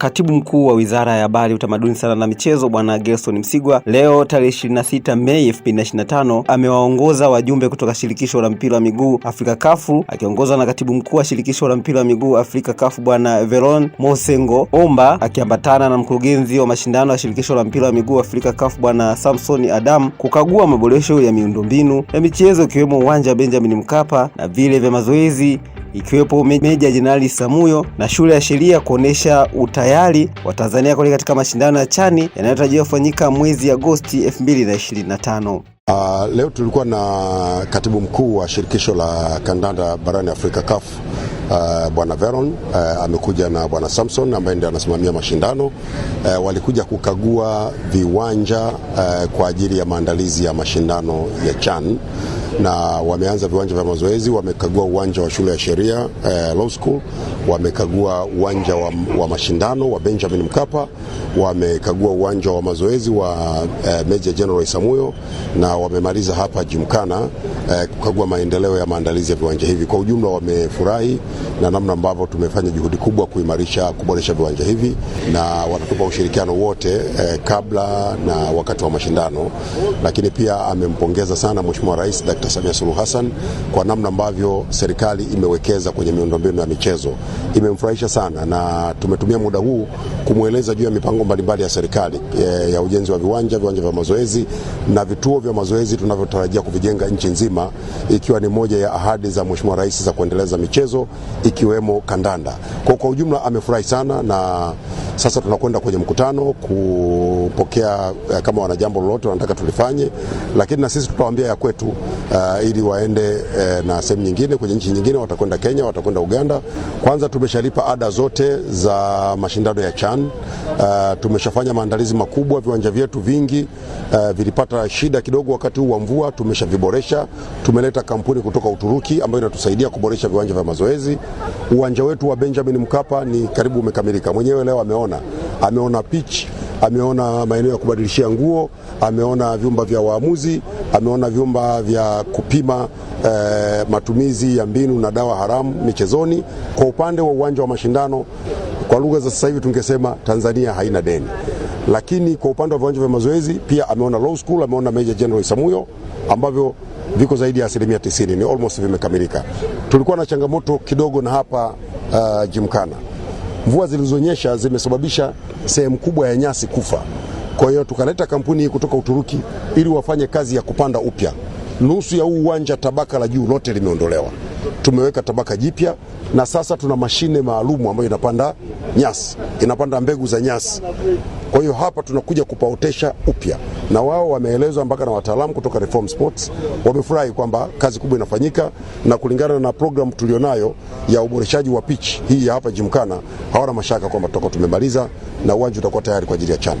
Katibu mkuu wa wizara ya habari, utamaduni, sanaa na michezo Bwana Gerson Msigwa leo tarehe 26 Mei 2025 amewaongoza wajumbe kutoka shirikisho la mpira wa miguu Afrika Kafu akiongozwa na katibu mkuu wa shirikisho la mpira wa miguu Afrika Kafu Bwana Veron Mosengo Omba akiambatana na mkurugenzi wa mashindano ya shirikisho la mpira wa miguu Afrika Kafu Bwana Samsoni Adam kukagua maboresho ya miundombinu ya michezo ikiwemo uwanja wa Benjamin Mkapa na vile vya mazoezi ikiwepo Meja Jenerali Samuyo na shule ya sheria kuonesha utayari wa Tanzania kweli katika mashindano ya Chani yanayotarajiwa kufanyika mwezi Agosti 2025. Uh, ah, leo tulikuwa na katibu mkuu wa shirikisho la kandanda barani Afrika CAF Uh, Bwana Veron uh, amekuja na Bwana Samson ambaye ndiye anasimamia mashindano uh, walikuja kukagua viwanja uh, kwa ajili ya maandalizi ya mashindano ya CHAN na wameanza viwanja vya mazoezi, wamekagua uwanja wa shule ya sheria eh, law school, wamekagua uwanja wa, wa mashindano wa Benjamin Mkapa, wamekagua uwanja wa mazoezi wa eh, Meja General Isamuyo na wamemaliza hapa Jimkana eh, kukagua maendeleo ya maandalizi ya viwanja hivi. Kwa ujumla wamefurahi na namna ambavyo tumefanya juhudi kubwa kuimarisha, kuboresha viwanja hivi na watatupa ushirikiano wote eh, kabla na wakati wa mashindano, lakini pia amempongeza sana Mheshimiwa Rais Dr. Samia Suluhu Hassan kwa namna ambavyo serikali imewekeza kwenye miundombinu ya michezo. Imemfurahisha sana na tumetumia muda huu kumweleza juu ya mipango mbalimbali ya serikali e, ya ujenzi wa viwanja, viwanja vya mazoezi na vituo vya mazoezi tunavyotarajia kuvijenga nchi nzima, ikiwa ni moja ya ahadi za Mheshimiwa Rais za kuendeleza michezo ikiwemo kandanda. Kwa kwa ujumla amefurahi sana na sasa tunakwenda kwenye mkutano kupokea eh, kama wana jambo lolote wanataka tulifanye, lakini na sisi tutawaambia ya kwetu uh, ili waende eh, na sehemu nyingine kwenye nchi nyingine, watakwenda Kenya, watakwenda Uganda. Kwanza tumeshalipa ada zote za mashindano ya CHAN. Uh, tumeshafanya maandalizi makubwa, viwanja vyetu vingi uh, vilipata shida kidogo wakati huu wa mvua, tumeshaviboresha. Tumeleta kampuni kutoka Uturuki ambayo inatusaidia kuboresha viwanja vya mazoezi. Uwanja wetu wa Benjamin Mkapa ni karibu umekamilika, mwenyewe leo ameona ameona, ameona pitch, ameona maeneo ya kubadilishia nguo, ameona vyumba vya waamuzi, ameona vyumba vya kupima eh, matumizi ya mbinu na dawa haramu michezoni. Kwa upande wa uwanja wa mashindano, kwa lugha za sasa hivi tungesema Tanzania haina deni lakini kwa upande wa viwanja vya mazoezi pia ameona Law School, ameona Major General Samuyo ambavyo viko zaidi ya asilimia tisini, ni almost vimekamilika. Tulikuwa na changamoto kidogo na hapa uh, eh, Jimkana mvua zilizonyesha zimesababisha sehemu kubwa ya nyasi kufa. Kwa hiyo tukaleta kampuni hii kutoka Uturuki ili wafanye kazi ya kupanda upya. Nusu ya huu uwanja tabaka la juu lote limeondolewa, tumeweka tabaka jipya, na sasa tuna mashine maalumu ambayo inapanda nyasi, inapanda mbegu za nyasi. Kwa hiyo hapa tunakuja kupaotesha upya na wao wameelezwa mpaka na wataalamu kutoka Reform Sports wamefurahi kwamba kazi kubwa inafanyika, na kulingana na programu tulionayo ya uboreshaji wa pitch hii ya hapa jimkana hawana mashaka kwamba tutakuwa tumemaliza na uwanja utakuwa tayari kwa ajili ya CHAN.